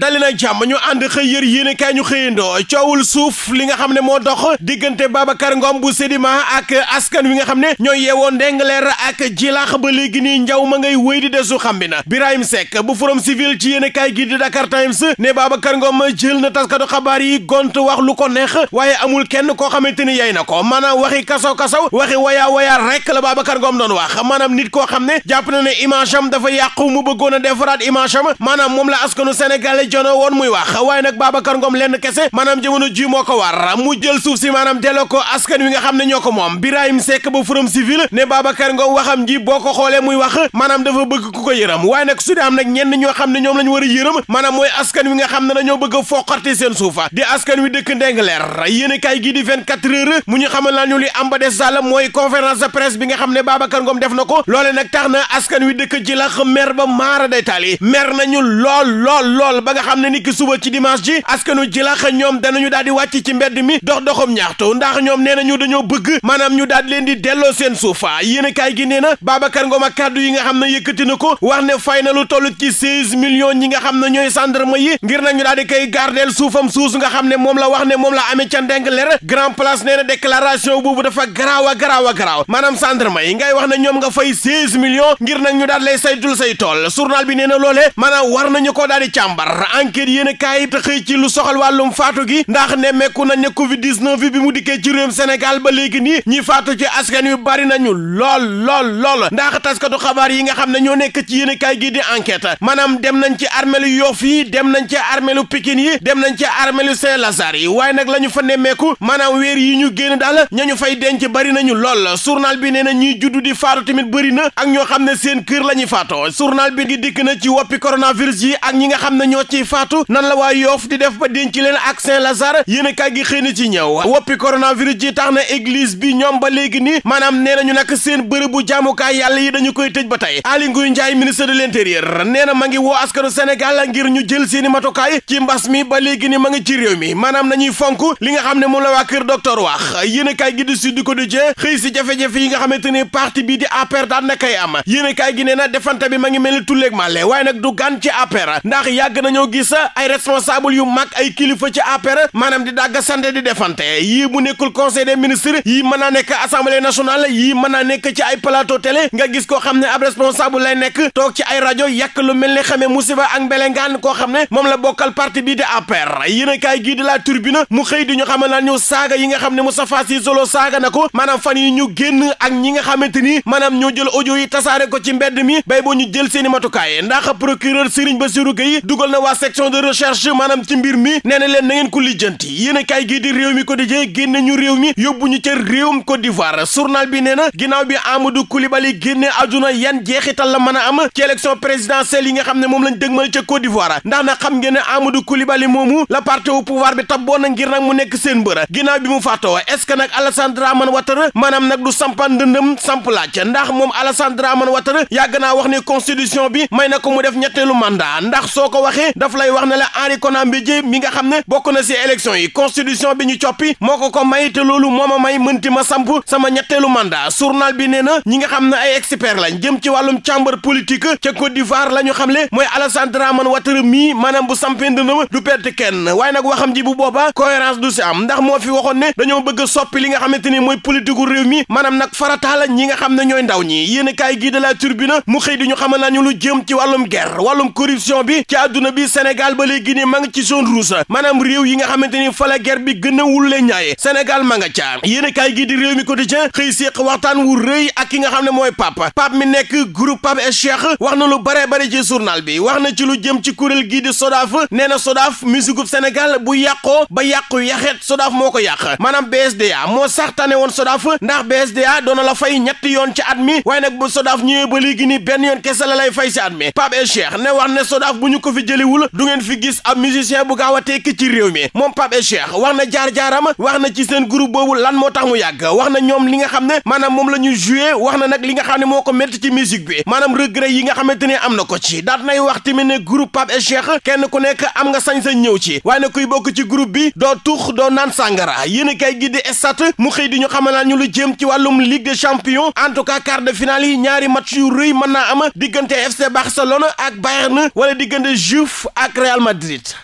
dali nag jàmm ñu ànd yër yéene kaay ñu xëyandoo coowul suuf li nga xam ne moo dox diggante Babacar Ngom bu Sedima ak askan wi nga xam ne ñooy yeewoo Ndengler ak jilaax ba léegi nii njaw ma ngay wéy di desu xam bi na Birahim Seck bu Forum Civil ci yéene kaay gi di Dakar Times ne Babacar Ngom jël na taskatu xabaar yi gont wax lu ko neex waaye amul kenn koo xamante ni yay na ko maanaam waxi kasaw-kasaw waxi wayaa wayaa rek la Babacar Ngom doon wax maanaam nit koo xam ne jàpp na ne image am dafa yàqu mu bëggoon a defaraat image maanaam moom la askanu Sénégal lay jono woon muy wax waaye nag Babacar Ngom lenn kese maanaam jamono ji moo ko war mu jël suuf si maanaam delloo ko askan wi nga xam ne ñoo ko moom Birahim Seck ba Forum Civil ne Babacar Ngom waxam ji boo ko xoolee muy wax maanaam dafa bëgg ku ko yërëm waaye nag su nag ñenn ñoo xam ne ñoom la ñu a yërëm maanaam mooy askan wi nga xam ne dañoo bëgg a foqarti seen suufa di askan wi dëkk Ndengler yéen kaay gii di 24 heures mu ñu xamal naa ñu li am xam ne Babacar Ngom def na ko loole nag tax na askan wi dëkk ci lax ba maara day taali mer nañu lool lool lool ba ba nga xam ne ni ki suba ci dimanche ji askanu jilax ñoom danañu daal di wàcc ci mbedd mi dox doxum ñaxtu ndax ñoom nee na ñu dañoo bëgg maanaam ñu daal di leen di delloo seen suufa yéen a gi nee na Babacar Ngom ak kàddu yi nga xam ne yëkkati na ko wax ne fay na lu toll ci seize millions ñi nga xam ne ñooy sandr gendarme yi ngir nag ñu daal di koy gardeel suufam suus nga xam ne moom la wax ne moom la amee ca ndeng leer grand place nee na déclaration boobu dafa garaaw a garaaw maanaam gendarme yi ngay wax ne ñoom nga fay seize millions ngir nag ñu daal lay saytul say tool journal bi nee na loolee maanaam war nañu ko daal di càmbar enquête yéen a kaay te xëy ci lu soxal wàllum faatu gi nañ ne covid 19 bi bi mu dikkee ci réewum ba léegi nii ñi faatu ci askan wi bari nañu lool lool lool ndax taskatu xabaar yi nga xam ne ñoo nekk ci yéen gi di enquête maanaam dem nañ ci armelu Yoff yi dem nañ ci armelu Pikine yi dem nañ ci armelu Saint-Lazare yi waaye nag la ñu fa nemmeeku maanaam weer yi ñu génn daal ñañu fay denc bari nañu lool journal bi nee na ñiy juddu di faatu tamit bëri na ak ñoo xam ne seen kër la ñuy faatoo journal bi ngi dikk na ci woppi coronavirus yi ak ñi nga xam ne ñoo ci faatu nan la waa yoof di def ba denc leen ak Saint-Lazare yéen a kaay gi xëy na ci ñëw woppi coronavirus ji tax na église bi ñoom ba léegi nii maanaam nee nañu nag seen bërëbu jaamukaay yàlla yi dañu koy tëj ba tey Aly Ngouille Ndiaye ministre de l'intérieur nee na ma ngi woo askanu Sénégal ngir ñu jël seeni kay ci mbas mi ba léegi nii ma ngi ci réew mi maanaam nañuy fonk li nga xam ne moom la waa kër docteur wax yéen a kaay gi di ko du jee si yi nga xamante ni parti bii di APR daan na koy gi nee na defante bi ma ngi mel ni tulleeg màlle waaye nag du gan ci APR dañoo gis ay responsable yu mag ay kilifa ci APR maanaam di dagg sande di defante yii bu nekkul conseil des ministres yii mën naa nekk assemblée nationale yii mën naa nekk ci ay plateau télé nga gis koo xam ne ab responsable lay nekk toog ci ay rajo yàq lu mel ne xamee musiba ak mbelengaan koo xam ne moom la bokkal parti bii di APR yéen a kaay gii di la turbine mu xëy di ñu xamal naa ñu saaga yi nga xam ne Moustapha Cissé Lo saaga na ko maanaam fan yi ñu génn ak ñi nga xamante ni maanaam ñoo jël audio yi tasaare ko ci mbedd mi bay boo ñu jël seeni matukaay ndax procureur Serigne Bassirou waa section de recherche maanaam ci mbir mi nee na leen na ngeen ko lijjanti yéen a kaay gii di réew mi quotidien génne ñu réew mi yóbbu ñu ca réewum Côte d'Ivoire journal bi nee na ginnaaw bi Amadou Coulibaly génne àdduna yan jeexital la mën a am ci élection présidentielle li nga xam ne moom lañ dëgmal ca Côte d'Ivoire ndax nag xam ngeen ne Amadou Coulibaly moomu la parti au pouvoir bi tabboon na ngir nag mu nekk seen mbër ginaaw bi mu fàttoo est-ce que nag Alassane Dramane Ouattara maanaam nag du sampan ndëndëm samp laaj ndax moom Alassane Dramane Ouattara yàgg naa wax ne constitution bi may na ko mu def ñetteelu mandat ndax soo ko waxee daf lay wax ne la Henri Konan Bédié mi nga xam ne bokk na ci élection yi constitution bi ñu coppi moo ko ko may te loolu moo ma may mënti ma samp sama ñetteelu mandat journal bi nee na ñi nga xam ne ay expert lañ jëm ci wàllum chambre politique ca Côte d'Ivoire la ñu xamle mooy Alassane Dramane Ouattara mii maanaam bu sampee ndëndam du perte kenn waaye nag waxam ji bu booba cohérence du ci am ndax moo fi waxoon ne dañoo bëgg a soppi li nga xamante ni mooy politique gu maanaam nag farataa la ñi nga xam ne ñooy ndaw ñi yéen a kaay gii de la turbine mu xëy di ñu xamal nañu lu jëm ci wàllum guerre wàllum corruption bi ci àdduna bi bi Sénégal ba léegi nii ma nga ci zone rouge maanaam réew yi nga xamante ni fa la bi gën a wul leen ñaaye Sénégal ma nga caa yéen a kaay gii di réew mi quotidien xëy séq waxtaan wu rëy ak ki nga xam ne mooy Pape Pape mi nekk groupe Pape et Cheikh wax na lu bare bare ci journal bi wax na ci lu jëm ci kuréel gii di Sodaaf nee na Sodaaf musique gu Sénégal bu yàqoo ba yàqu yaxet Sodaaf moo ko yàq maanaam BSDA moo sax tane woon Sodaaf ndax BSDA doona la fay ñetti yoon ci at mi waaye nag bu Sodaaf ñëwee ba léegi nii benn yoon kese la lay fay ci moytuwul du ngeen fi gis ab musicien bu gaaw a tekki ci réew mi moom Pape Cheikh wax na jaar-jaaram wax na ci seen groupe boobu lan moo tax mu yàgg wax na ñoom li nga xam ne maanaam moom la ñu joué wax na nag li nga xam ne moo ko métti ci musique bi maanaam regret yi nga xamante ne am na ko ci daat nay wax tamit ne groupe e Cheikh kenn ku nekk am nga sañ-sañ ñëw ci waaye nag kuy bokk ci groupe bi doo tux doo naan sàngara yéen a kay gi e sat mu xëy di ñu xamal ñu lu jëm ci wàllum Ligue des Champions en cas quart de finale yi ñaari match yu rëy mën naa am diggante FC Barcelone ak Bayern wala diggante Juve fu ak Real Madrid